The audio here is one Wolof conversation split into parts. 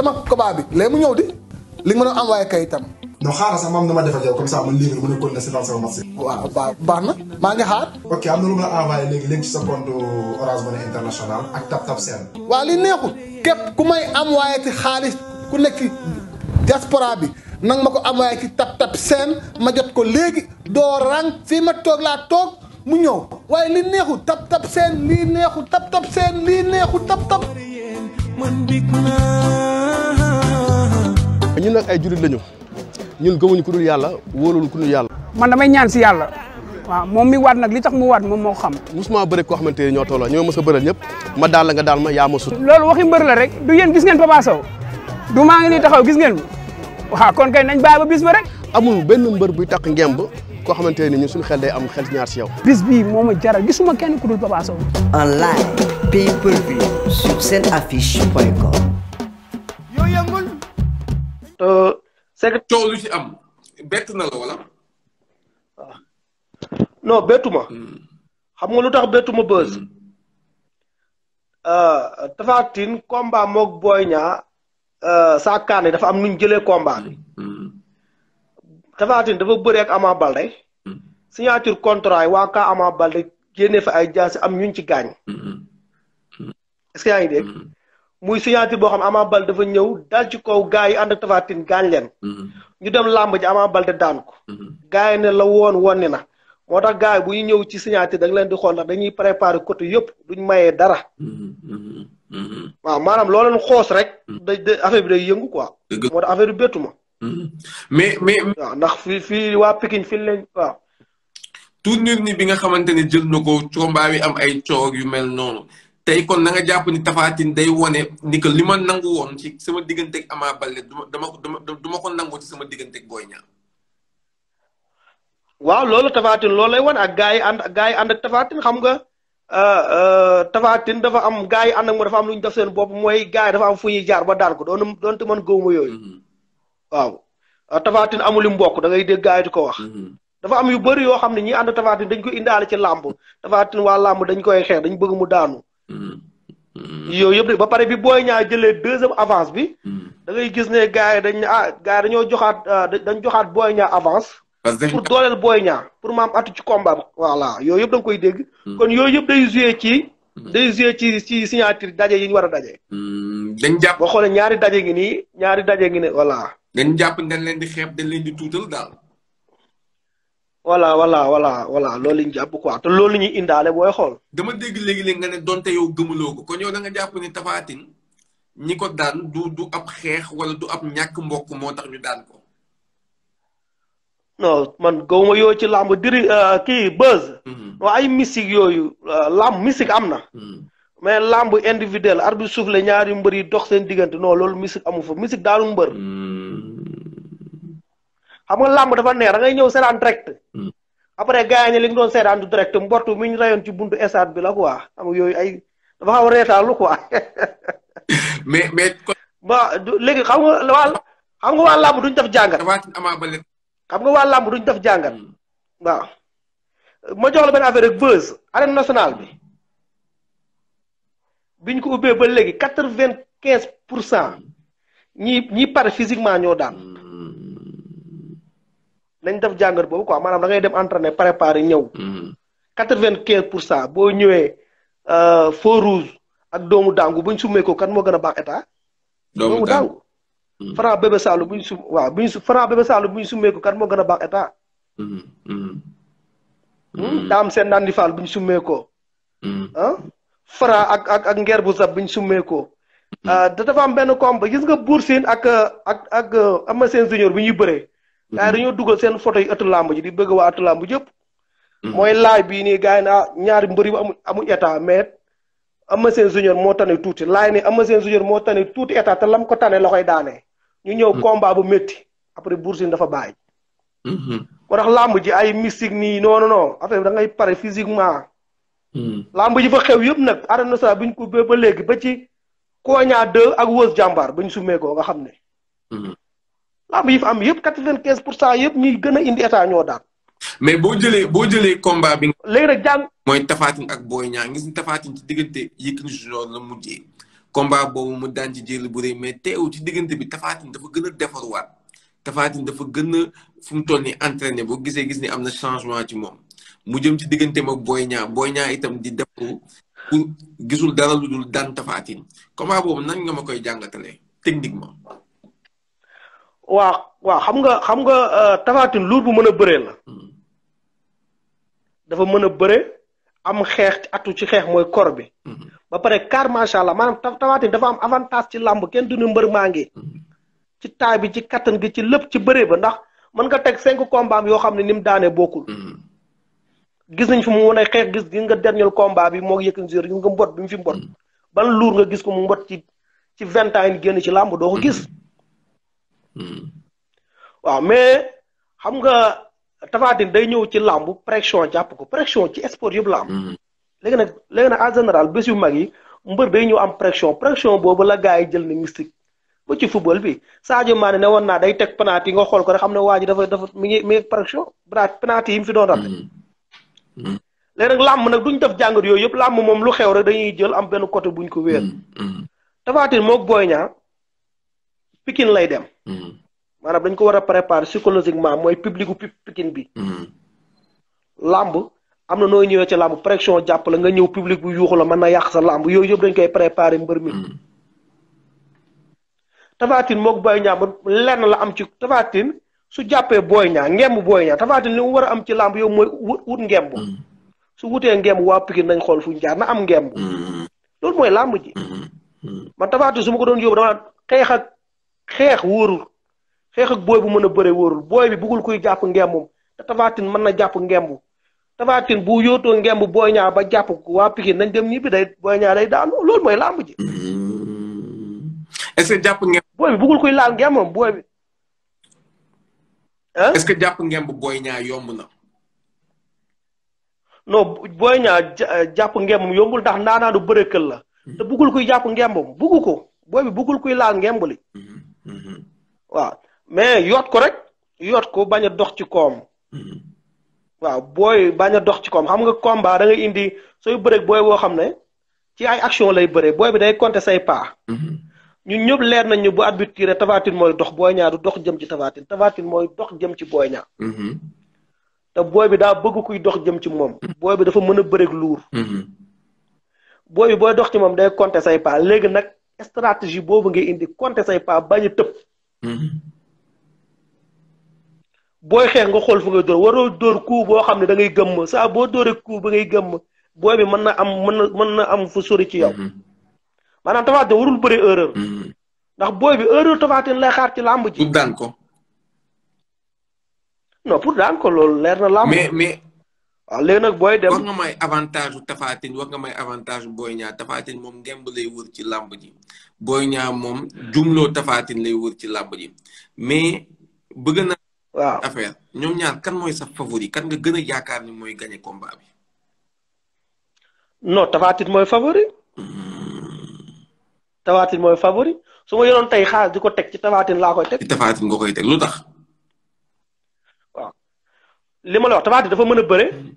sama combat bi léegi mu ñëw di li nga mën a envoyé kayitam. non xaaral sax maam na ma defal yow comme ça man léegi nga mën a continuer si dans sama marché. waaw baax baax na maa ngi xaar. ok am na lu ma la léegi léegi sa compte Orange Money international ak Tap Tap Send. waaw li neexul képp ku may envoyé ci xaalis ku nekk ci diaspora bi nang ma ko envoyé ci Tap Tap Send ma jot ko léegi doo rang fii ma toog laa toog mu ñëw waaye li neexul Tap Tap Send lii man big naa ñun nag ay jullit lañu ñun gëmuñu ku yàlla wóolul ku dul yàlla. man damay ñaan si yàlla. waaw moom mi waat nag li tax mu waat moom moo xam. musuma bëri koo xamante ne ñoo tolloo ñoo mës a bëral ñëpp ma daal la nga daal ma yaa ma sut. loolu waxi mbër la rek du yéen gis ngeen Papa du maa ngi nii taxaw gis ngeen waaw kon kay nañ bàyyi ba bis ba rek. amul benn mbër buy takk ngemb koo xamante ne ñun suñu xel day am xel ñaar si yow. bis bii moo jaral gisuma kenn ku dul Papa pay-per-view sur seen affiche point com. Euh, coow lu ci am bett na la wala. Ah. non bettu ma. Hmm. xam nga lu tax bettu ma bës. Hmm. Euh, Tapha Tine combat moog Boy Niang euh, saa kaane dafa am nuñ jëlee combat bi. Hmm. dafa bëri ak Ama signature contrat yi waa kaa Ama Baldé génne fa ay jaasi am ñuñ ci gaañ. est-ce que yaa ngi dégg. Mm-hmm. muy signature boo xam amaa Baldé dafa ñëw dal ci kaw gaa yi ànd ak Tapha Tine gaañ leen. Mm-hmm. ñu dem làmb ji Ama Baldé daan ko. Mm-hmm. gaa yi ne la woon wonni na. moo tax gaa yi bu ñëw ci signature da nga leen di xool ndax dañuy préparer côté yëpp duñ mayee dara. waaw maanaam loo leen xoos rek. day affaire bi day yëngu quoi. moo tax affaire bi bettu mais mais. waaw ndax fii fii waa Pikine fi lañ waaw. tournure ni bi nga xamante ne jël na ko combat bi am ay coow yu mel noonu. tey kon na jàpp ni Tapha Tine day wone ni li ma nangu woon ci sama digganteeg Ama Baldé du ma dama du ma ko nangu ci sama digganteeg Boy Niang. loolu Tapha Tine loolu lay wan ak gars yi ànd gars yi ànd ak xam nga euh, euh, Tapha Tine dafa am gars yi ànd ak moom dafa am lu ñu def seen bopp mooy gars yi fu ñuy jaar ba daan ko doon doonte man gëwuma yooyu. Mm-hmm. waaw euh, Tapha Tine amul lu mbokk da ngay dégg gars di ko wax. Mm-hmm. dafa am yu bëri yoo xam ne ñi ànd Tapha Tine dañ ko indaale ci làmb Tapha Tine waa làmb dañ koy xeex dañ bëgg mu daanu. Mm-hmm. yooyu yëpp de ba pare bi booy ñaa jëlee deuxième avance bi. Mm-hmm. da gis ne gars yi dañ ah gars dañoo joxaat ah, dañ joxaat booy ñaa avance. pour dooleel booy ñaa pour maam atu ci combat voilà yooyu yëpp koy dégg. Mm-hmm. kon yooyu yëpp day ci. day joué ci ci signature daje yi ñu war a daje. dañ jàpp boo xoolee ñaari daje ngi nii ñaari daje ngi ne voilà. dañ jàpp dañ leen di xeeb dañ leen di tuutal daal. voilà voilà voilà voilà loolu ñu jàpp quoi te loolu ñuy indaale booy xool. dama dégg léegi-léegi nga ne donte yow gëmuloo ko kon yow da nga jàpp ne Tapha Tine ñi ko daan du du ab xeex wala du ab ñàkk mbokk moo tax ñu daan ko. non man gawma yoo ci làmb diri euh, kii buzz. waa mhm. ay mystique yooyu euh, làmb mystique am na. Mhm. mais lamb individuel arbitre suuf la ñaari mbër yi dox seen diggante non loolu mystique amu fa mystique daanu mbër. Mhm. xam nga làmb dafa neex a ngay ñëw seetaan direct. Hmm. après gars yi ne li nga doon seetaan direct mbortu mi ñu rayoon ci buntu stade bi la ko xam yooyu ay dafa xaw a reetaalu quoi. mais mais. ba léegi xam nga waa xam nga waa làmb duñ def jàngat. xam nga waa làmb duñ def jàngat. Hmm. waaw ma jox la benn affaire rek buzz arène nationale bi biñ ko ubbee ba léegi quatre vingt quinze pour cent hmm. ñi ñi pare physiquement ñoo daan. nañ def jàngat boobu quoi maanaam da ngay dem entraîner préparer ñëw. Hmm. quatre vingt quinze pour cent boo ñëwee euh, feu rouge ak doomu dàngu buñ sumee ko kan moo gën a baax état. doomu dàngu hmm. Franc Bébé Saloum buñ sum waaw buñ su Franc Bébé Saloum buñ sumee ko kan moo gën a baax état. daam seen naan di buñ sumee ko. Hmm. ak ak ak bu sab buñ sumee ko. Euh, dafa am benn combat gis nga Bour Sine ak ak ak Ama Sène Junior bu ñuy bëree. gars yi dañoo dugal seen foto yi ëtt làmb ji di bëgg waa ëtt làmb yëpp. Mm-hmm. mooy laay bii nii gars naa ah, ñaari mbër yi amu amuñ état mais Eumeu Sène moo tane tuuti laay nii Eumeu Sène junior moo tane tuuti état te lam ko tane la koy daanee. ñu ñëw mm-hmm. combat bu métti après Bour Sine dafa baay mm-hmm. moo tax làmb ji ay mystique nii non noo affaire bi da ngay pare physiquement. làmb ji fa xew yëpp nag na nationale bu ñu ko ba léegi ba ci. ñaar 2 ak Wës jàmbaar ba ñu sumee nga xam ne. lamb yi am yëpp quatre vingt quinze pour cent yëpp ñuy gën a indi état ñoo daan. mais boo jëlee boo jëlee combat bi. léegi nag jàng. mooy Tafatine ak Boy Niang gis nga ci diggante Yékini Junior la mujjee combat boobu mu daan ci jël bu rëy mais teew ci diggante bi Tafatine dafa gën a defarwaat Tafatine dafa gën a mu toll nii entraîné boo gisee gis ni am na changement ci moom mu jëm ci digganteem ak Boy Niang Boy Niang itam di defaru dara lu dul daan Tafatine combat boobu nan nga ma koy jàngatalee techniquement. waa waa xam nga xam nga euh, tafaatin luur bu mën a bëree la hmm. dafa mën a bëre am xeex atu ci xeex mooy kor bi hmm. ba pare car macha allah maanaam tafaatin dafa am avantage ci làmb kenn du ñu mbër maa ngi hmm. ci taay bi ci kattan gi ci lépp ci bëree ba ndax mën nga teg cinq combat yoo xam ne ni mu daanee bokkul gis nañ fi mu mën a xeex gis gis nga dernier combat bi moo Yékini jr gis mbot bi mu fi mbot ban luur nga gis ko mu mbot ci ci vingt ans yi génn ci làmb doo ko gis Hmm. waaw mais xam nga Tapha day ñëw ci làmb pression jàpp ko pression ci sport yëpp la am. Hmm. léegi nag léegi en général bés yu mag yi mbër day ñëw am pression pression boobu la gars yi jël ni mystique ba ci football bi Sadio Mané ne woon naa day teg penalty nga xool ko rek xam ne waa ji dafa dafa mi ngi mi ngi pression yi mu fi doon rafet. Hmm. léegi nag làmb nag duñ def jàngat yooyu yëpp làmb moom lu xew rek dañuy jël am benn côté buñ ko wéer. Tapha Tine moog Boy Pikine lay dem. Mm-hmm. maanaam dañ ko war a préparer psychologiquement mooy public gu Pikine bi. Mm-hmm. làmb am na nooy ñëwee ci làmb pression jàpp la nga ñëw public bu yuuxu la mën na yàq sa làmb yooyu yëpp dañ koy préparer mbër mi. Mm-hmm. Tafatine moog Boy Niang lenn la am ci Tafatine su jàppee booy Niang ngemb Boy Niang Tafatine li mu war a am ci làmb yow mooy wut ngemb. su wutee ngemb waa Pikine nañ xool fu ñu jaar na am ngemb. loolu mooy làmb ji. man Tafatine su ma ko doon yóbbu dama xeex xeex wóorul xeex ak booy bu mën a bëre wóorul booy bi bëggul kuy jàpp ngembum te tafaatin mën na jàpp ngembu tafaatin bu yóotoo ngemb booy ñaa ba jàpp waa Pikine nañ dem ñibbi day booy ñaa day daanu loolu mooy làmb ji. que jàpp ngemb. booy laal ngembam booy bi. que jàpp ngemb booy ñaa yomb na. non booy ñaa euh, jàpp ngembam yombul ndax naanaanu bërëkël la. Mm-hmm. te bëggul kuy jàpp ngembam bëggu ko booy bi bëggul kuy laal ngemb waaw mais yoot ko rek yoot ko bañ dox ci koom. waaw booy bañ dox ci koom xam nga combat da ngay indi sooy bëreeg booy boo xam ne ci ay action lay bëree booy bi day compter say pas. ñun ñëpp leer nañ ñu bu arbitre Tafatine mooy dox Boy Niang dox jëm ci Tafatine Tafatine mooy dox jëm ci Boy Niang. te booy bi daa bëgg kuy dox jëm ci moom. booy bi dafa mën a bëreeg luur. booy booy dox ci moom day compter say pas léegi nag stratégie boobu ngay indi compter say pas bañ a tëb. booy xeex nga xool fu nga dóor waroo dóor coup boo xam ne da ngay gëmm saa boo dóoree coup ba ngay gëmm booy bi mën na am mën na mën na am fu sori ci yow. Mm-hmm. maanaam Tapha Tine warul bëri erreur. Mm-hmm. ndax booy bi erreur Tapha Tine lay xaar ci làmb ji. pour daan ko. non pour daan ko loolu leer na làmb. mais mais waaw léegi nag booy dem wax nga may avantage bu Tapha wax nga may avantage booy ñaar Niang Tapha moom ngemb lay wër ci làmb ji Boy Niang moom jumloo Tapha Tine lay wër ci làmb ji mais bëgg na waaw affaire ñoom ñaar kan mooy sax favori kan nga gën a yaakaar ni mooy gagné combat bi. non Tapha mooy favori. Tapha mooy favori su ma yoroon tey xaalis di ko teg ci Tapha laa koy teg. ci Tapha Tine nga koy teg lu tax. li ma la wax Tapha Tine dafa mën a bëre mm-hmm.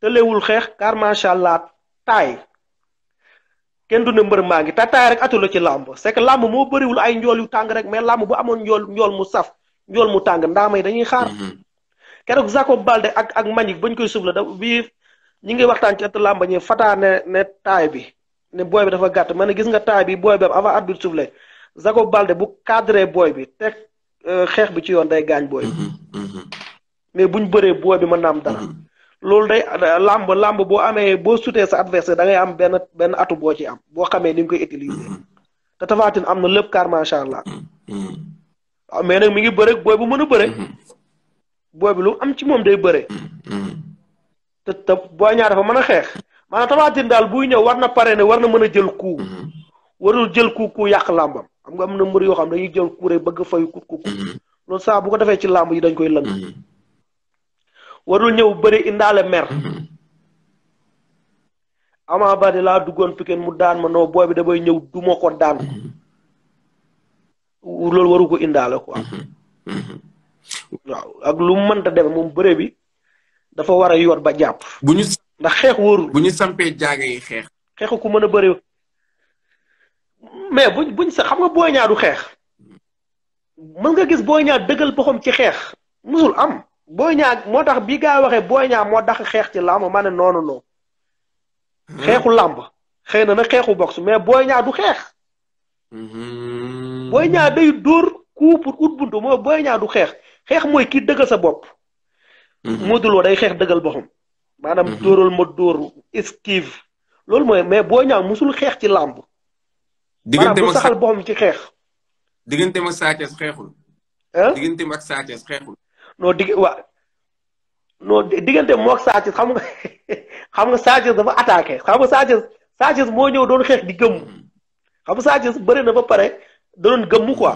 tëlewul xeex car macha allah taay kenn du ne mbër maa ngi te taay rek atula ci làmb c'est làmb moo bëriwul ay njool yu tàng rek mais làmb bu amoon njool njool mu saf njool mu tàng ndaama yi dañuy xaar. Mm-hmm. keroog Jacob Balde ak ak Manick bañ koy suble da bi ñi ngi waxtaan ci ëtt làmb ñi fataa ne taay bi ne booy bi dafa gàtt ma ne gis nga taay bi booy bi am avant arbitre suble Jacob Balde bu kadre booy bi teg euh, xeex bi ci yoon day gaañ booy mais buñ bëree boo bi mën na am dara. Mm-hmm. loolu day làmb làmb boo amee boo sutee sa adversaire da ngay am benn benn atu boo ci am boo xamee ni nga koy utiliser. Mm-hmm. te Tapha am na lépp kaar macha allah. waaw mm-hmm. ah, mais nag mi ngi bëre booy bu mën a bëre. booy bi lu am ci moom day bëre. te te booy ñaar fa mën a xeex. maanaam Tapha Tine daal buy ñëw war na paree ne war na mën a jël ku warul jël coup ku yàq làmbam xam nga am na mbir yoo xam dañuy jël coup rek bëgg a fay ku ku. loolu saa bu ko defee ci làmb yi dañ koy lëng. warul ñëw bëri indaale mer. Ama Baldé laa duggoon Pikine mu daan ma noo booy bi damay ñëw du daan loolu waru ko indaale quoi. waaw ak lu mu mënta demee bi dafa war a yor ba jàpp. bu ñu xeex wóorul. bu ñu sampee jaaga yi xeex. xeexu ko mën a bëri mais buñ buñ sa xam nga booy ñaar xeex mm. mën nga gis booy ñaar dëggal boppam ci xeex musul am. booy ñaa moo tax bi gaa waxee booy ñaar moo dax xeex ci làmb ma ne noonu non hmm. xeexu làmb xëy na na xeexu box mais booy ñaa du xeex. Hmm. booy ñaa day dóor coup booy ñaa du xeex xeex mooy kii dëggal sa bopp. Hmm. Modou Lo day xeex dëggal boppam. maanaam dóoral ma dóor esquive loolu mooy mais booy ñaa musul xeex ci làmb. diggante ma saxal boppam ci xeex. diggante ma Sa Thiès xeexul. diggante ma ak xeexul. noo digg waa noo diggante mook Sa xam nga xam nga Sa Thiès dafa attaqué xam nga Sa Thiès Sa Thiès moo ñëw doon xeex di gëmm xam nga Sa Thiès na ba pare da gëmm ko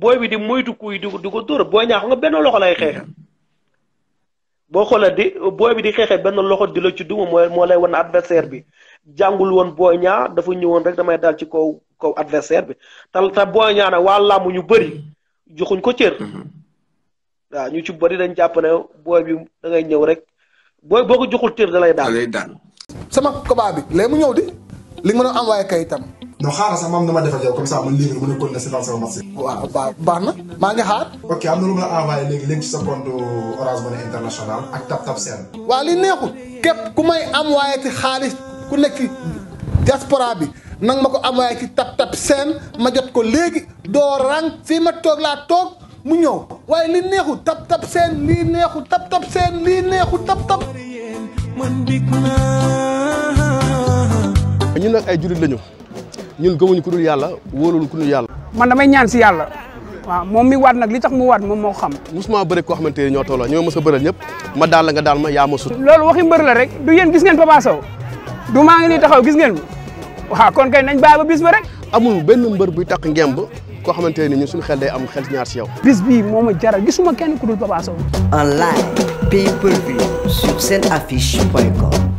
booy bi di moytu kuy di ko di booy ñaa nga benn loxo lay xeexe boo xoolee di booy bi di xeexe benn loxo di la ci duma mooy moo lay wan adversaire bi jàngul woon booy ñaa dafa ñëwoon rek damay daal ci kaw kaw adversaire bi ta te booy ñaa nag waa làmb ñu bëri joxuñ ko cër. Mm-hmm. waaw ñu ci bëri dañ jàpp ne booy bi da ñëw rek booy boo ko joxul tër da lay daan. da lay daan. sama combat bi léegi mu ñëw di li nga mën a envoyé kayitam. non xaaral sax na ma defal yow comme ça man léegi a continuer si dans sama marché. waaw am na ma la envoyé léegi léegi ci sa compte Orange Money international ak Tap Tap Send. waa li neexul képp ku may envoyé ci xaalis ku nekk diaspora bi nang ma ko envoyé ci Tap Tap Send ma jot ko léegi doo rang fii ma toog laa toog. mu ñëw waaye li neexu tap tap seen lii neexu tap tap seen lii neexu tap tap. ñun nag ay jullit lañu ñun gëmuñu ku dul yàlla wóolul ku dul yàlla. man damay ñaan si yàlla. waaw moom mi waat nag li tax mu waat moom moo xam. musuma bëri koo xamante ne ñoo tolloo ñoo mës a bëral ñëpp ma daal la nga daal ma yaa ma sut. loolu waxi mbër rek du yéen gis ngeen Papa du maa ngi nii taxaw gis ngeen mi waaw kon kay nañ bàyyi ba bis ba rek. amul benn mbër buy takk ngemb koo xamante ne ñun suñu xel day am xel ñaar si yow. bis bii moo ma jaral gisuma kenn ku dul Papa Sow. en live pay per view sur seen affiche point com.